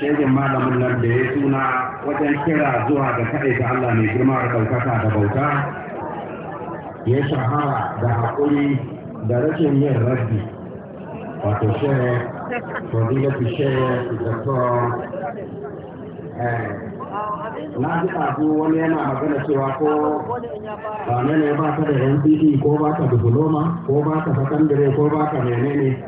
shaidin malamin nan da ya suna wajen kira zuwa ga kaɗai ta Allah mai girma da ɗaukaka da bauta ya shahara da haƙuri da rashin yin rabbi wato shehe fadilatu shehe doktor eh, na ji ɗazu wani yana magana cewa ko ba ne ba ta da yan ko ba ka diploma ko ba ka sakandare ko ba ka menene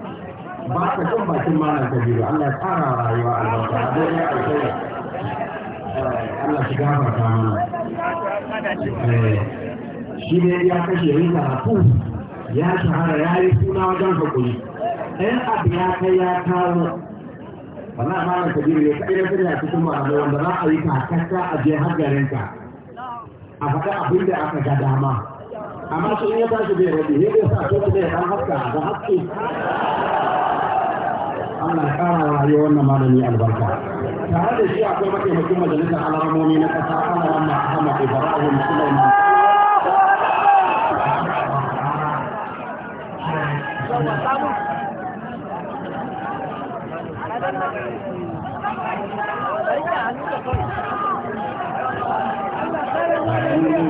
ba ka jan bakin mana ta biyu Allah ya tsara rayuwa albarka a dai ya alkai eh, Allah shi gafarta mana eh, shi ne ya kashe yin karatu ya shahara ya yi suna wajen hakuri ɗayan abu ya kai ya kawo wannan amana ta biyu ne ka irin sirri a cikin ma'amai wanda za a yi kakasta a je har garinka a faɗa abin da aka ga dama amma shi in ya tashi bai rabi ne zai sa ko ne ɗan haska da haske Allah ya kara wa rayuwar wannan malami albarka tare da shi akwai mataimakin majalisar alamomi na kasa Allah ya wannan Ahmad Ibrahim Sulaiman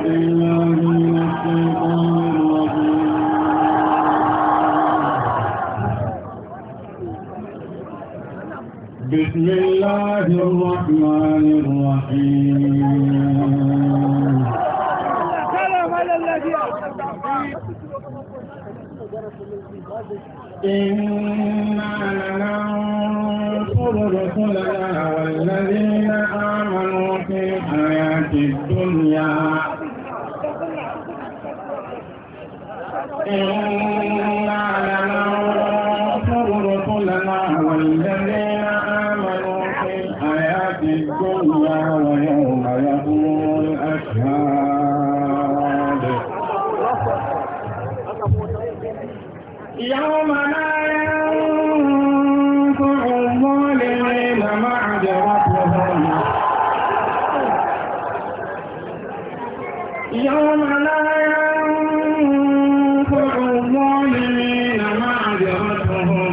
Thank you. بسم الله الرحمن الرحيم سلام على الذي إنا لننصر رسلنا والذين آمنوا في الحياة الدنيا إنا لننصر رسلنا والذين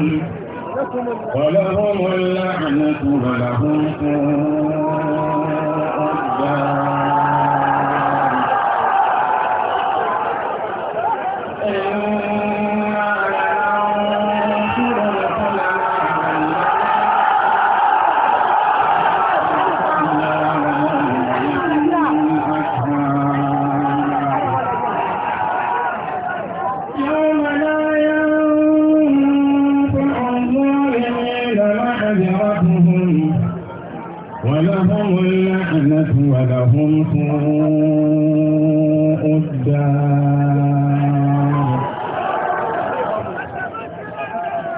عليه ولهم اللعنة ولهم سوء الدار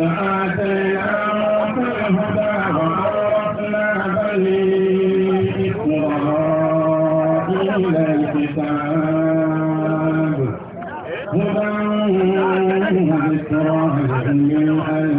الكتاب هدى وذكرى لأولي الألباب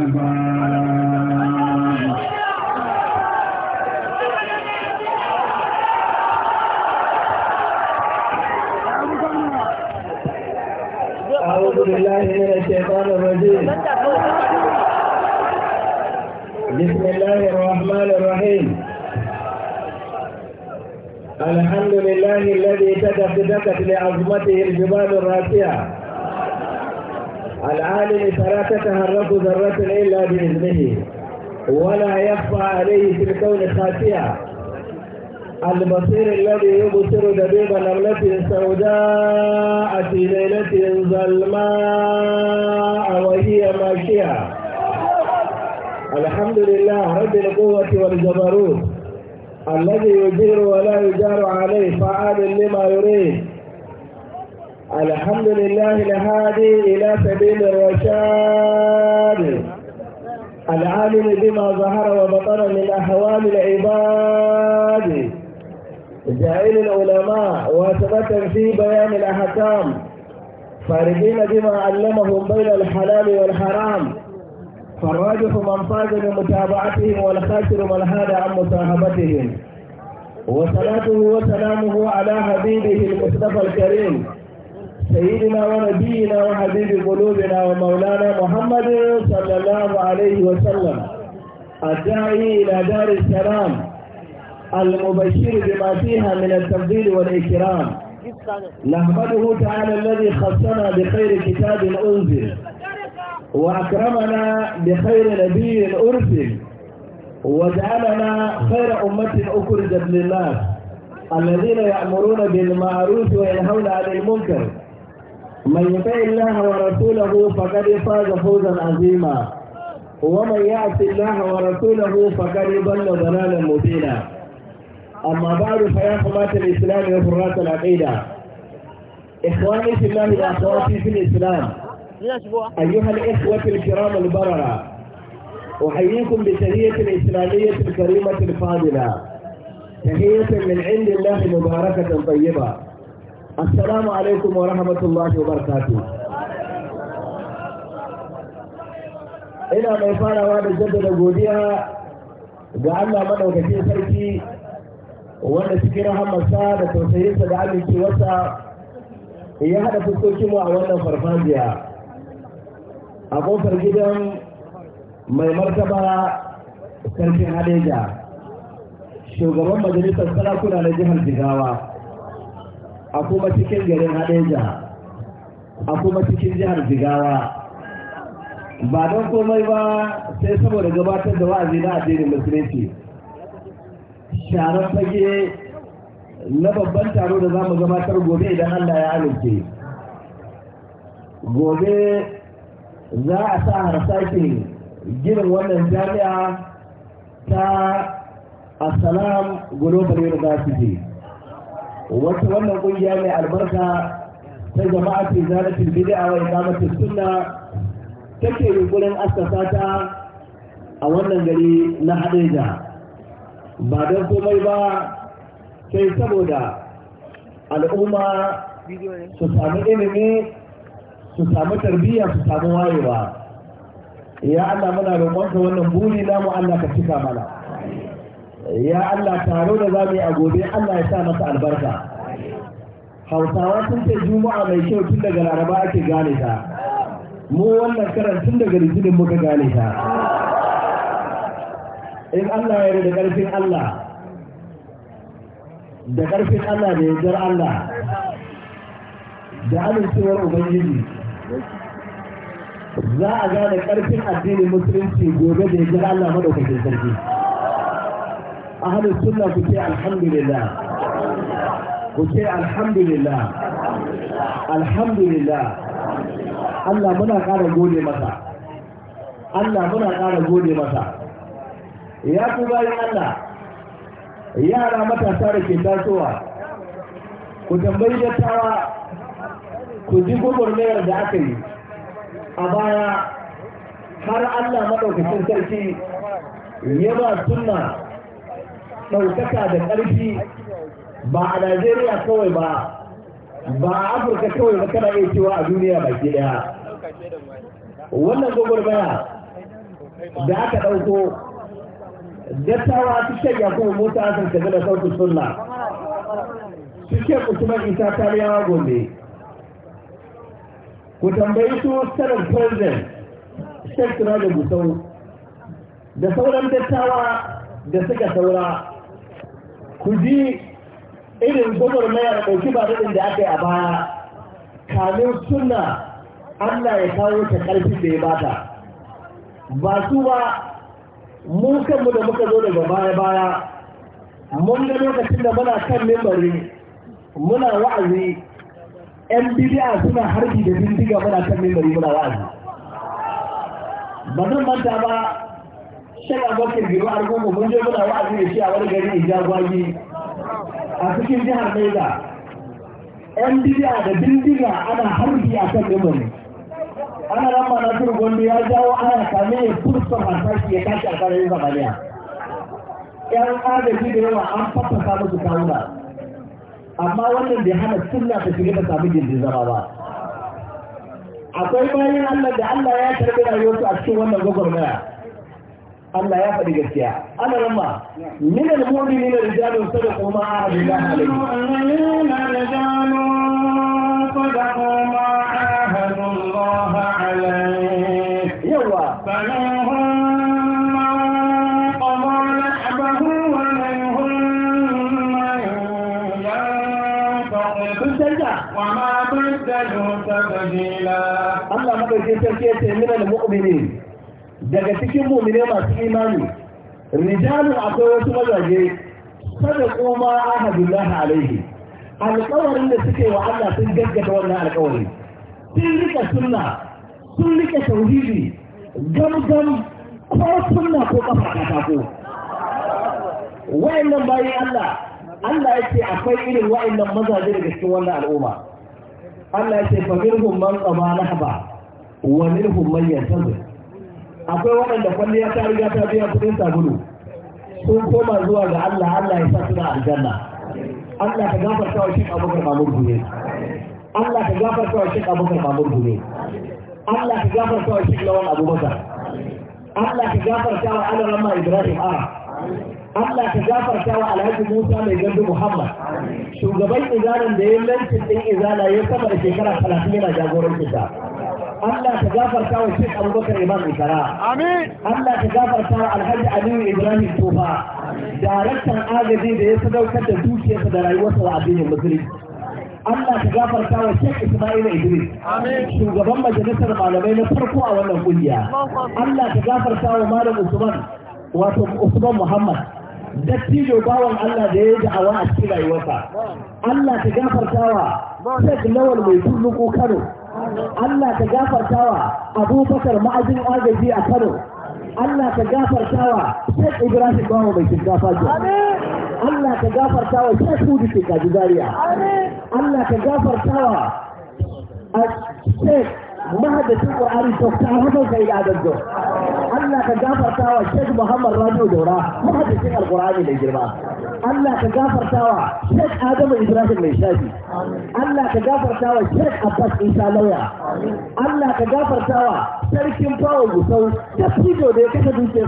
قد لعظمته الجبال الراسية العالم فلا الرب ذرة إلا بإذنه ولا يخفى عليه في الكون خافية البصير الذي يبصر دبيب نملة سوداء في ليلة ظلماء وهي ماشية الحمد لله رب القوة والجبروت الذي يجير ولا يجار عليه فعال لما يريد الحمد لله الهادي إلى سبيل الرشاد العالم بما ظهر وبطن من أحوال العباد جائل العلماء واسبة في بيان الأحكام فارقين بما علمهم بين الحلال والحرام فالراجح من صاد بمتابعتهم والخاسر من هاد عن مصاحبتهم وصلاته وسلامه على حبيبه المصطفى الكريم سيدنا ونبينا وحبيب قلوبنا ومولانا محمد صلى الله عليه وسلم الداعي إلى دار السلام المبشر بما فيها من التفضيل والإكرام نحمده تعالى الذي خصنا بخير كتاب أنزل وأكرمنا بخير نبي أرسل وجعلنا خير أمة أخرجت للناس الذين يأمرون بالمعروف وينهون عن المنكر من يطع الله ورسوله فقد فاز فوزا عظيما ومن يعص الله ورسوله فقد ضل ضلالا مبينا أما بعد فيا حماة الإسلام وفرات العقيدة إخواني في الله وأخواتي في الإسلام أيها الإخوة الكرام البررة أحييكم بتهية الإسلامية الكريمة الفاضلة تهية من عند الله مباركة طيبة السلام عليكم ورحمة الله وبركاته إلى ما يفعل هذا الجد الأبودية جعلنا من وكثير سيكي وانا سكرا هم السادة وسيسا جعلني كي وسا يهدف السوكي وانا فرفانديا a kofar gidan mai martaba sarkin hadeja shugaban majalisar sarakuna na jihar jigawa a kuma cikin garin hadeja a kuma cikin jihar jigawa ba don komai ba sai saboda gabatar da wa'azi na addinin musulunci sharar fage na babban taro da za mu gabatar gobe idan allah ya amince gobe za a sa sake ginin wannan jami'a ta assalam global university wata wannan kungiya mai albarka ta jama'a ce zalatul bid'a wa iqamatus sunna take yunkurin askasa ta a wannan gari na Hadeja ba don komai ba sai saboda al'umma su sami ilimi su samu tarbiyya su samu wayewa ya Allah muna roƙonka wannan buri mu Allah ka cika mana ya Allah taro da za mu yi a gobe Allah ya sa masa albarka hausawa sun ce juma'a mai kyau tun daga laraba ake gane ta mu wannan karan tun daga litinin muka gane ta in Allah ya da ƙarfin Allah da ƙarfin Allah da yardar Allah da amincewar Ubangiji za a gane ƙarfin addinin musulunci gobe da ya Allah madaukakin sarki ahalin sunna ku ce alhamdulillah ku ce alhamdulillah alhamdulillah Allah muna ƙara gode masa Allah muna ƙara gode masa ya ku bayan Allah yara matasa da ke tasowa ku tambayi dattawa ku ji gwagwarmayar da aka yi a baya har Allah maɗaukacin sarki ya ba suna ɗaukaka da ƙarfi ba a Najeriya kawai ba ba a Afirka kawai ba kana iya cewa a duniya baki ɗaya wannan gwagwarmaya da aka ɗauko dattawa su ya kuma mota asirka da sautin sunna su shekku kusurman isa tariyawa gombe ku tambayi su sanar president shek da gusau da sauran dattawa da suka saura ku ji irin mayar ɗauki ba daɗin da aka yi a baya kamin suna Allah ya kawo ta ƙarfi da ya bata ba su ba mun kanmu da muka zo daga baya-baya mun ga lokacin da muna kan mimbari muna wa'azi 'yan bidiya suna harbi da bindiga muna kan membari muna wa'azi ba zan manta ba shan abokin biyu a rukunmu mun je muna wa'azi da shi a wani gari in jagwagi a cikin jihar Niger 'yan bidiya da bindiga ana harbi a kan membari ana rama na turu gondo ya jawo ana kame ya fursa harsashi ya tashi a karayin zamaniya 'yan agaji da yawa an fafasa musu da. amma wannan bai hana sunna ta shiga ta samu gindizama ba akwai bayan Allah da Allah ya karbi rayuwarsu a cikin wannan gwagwarmaya Allah ya faɗi gaskiya ana ramma min al-mu'minina rijalun sadaqu ma ahadu Allah madaukakin sarki mina da mu'mini daga cikin mu'mini masu imani rijalun akwai wasu mazaje sada kuma ahadullahi alaihi alƙawarin da suke wa Allah sun gaggata wannan alƙawari sun rika sunna sun rika tauhidi gamgam ko sunna ko kafa katako wa'annan bayan Allah Allah ya ce akwai irin wa'annan mazaje daga cikin wannan al'umma Allah ya ce fa minhum man qama nahba wani minhum man yantazir akwai waɗanda kwalliya ta riga ta biya kuɗin sabulu sun koma zuwa ga Allah Allah ya sa suna aljanna Allah ka gafarta wa Sheikh Abubakar Mamur Gune Allah ka gafarta wa Sheikh Abubakar Mamur Gune Allah ka gafarta wa Sheikh Lawan Abubakar Allah ka gafarta wa Alarama Ibrahim A. Allah ka gafarta wa Alhaji Musa mai gandu Muhammad shugaban izanin da ya lantin din izala ya sama da shekara 30 yana jagorancin ta Allah ka gafarta wa Sheikh Abubakar Imam Ikara amin Allah ka gafarta wa Alhaji Aliyu Ibrahim tufa daraktan agaji da ya sadaukar da dukiyarsa da rayuwarsa wa addinin Musulmi. Allah ka gafarta wa Sheikh Ismail Idris shugaban majalisar malamai na farko a wannan kungiya Allah ka gafarta wa Malam Usman wato Usman Muhammad dattijo bawan Allah da ya da'awa a cikin rayuwarsa Allah ka gafarta wa Sheikh Lawal mai turnuku Kano Allah ka Abu Bakar ma'ajin agaji a Kano Allah ka wa Sheikh Ibrahim Bawo mai shinkafa jiya Allah ka wa Sheikh Hudu Shinkaji Zaria Allah ka wa Sheikh mahadacin Qur'ani Dr. Ahmad Zaid Amin. Allah ka gafarta wa Sheikh Muhammad Rabi'u Daura muhaddisin Alqur'ani da girma Allah ka gafarta wa Sheikh Adamu Ibrahim mai shafi Allah ka gafarta wa Sheikh Abbas Isa Lauya Allah ka gafarta wa Sarkin Fawo Gusau da Fido da ya kasa dukiyar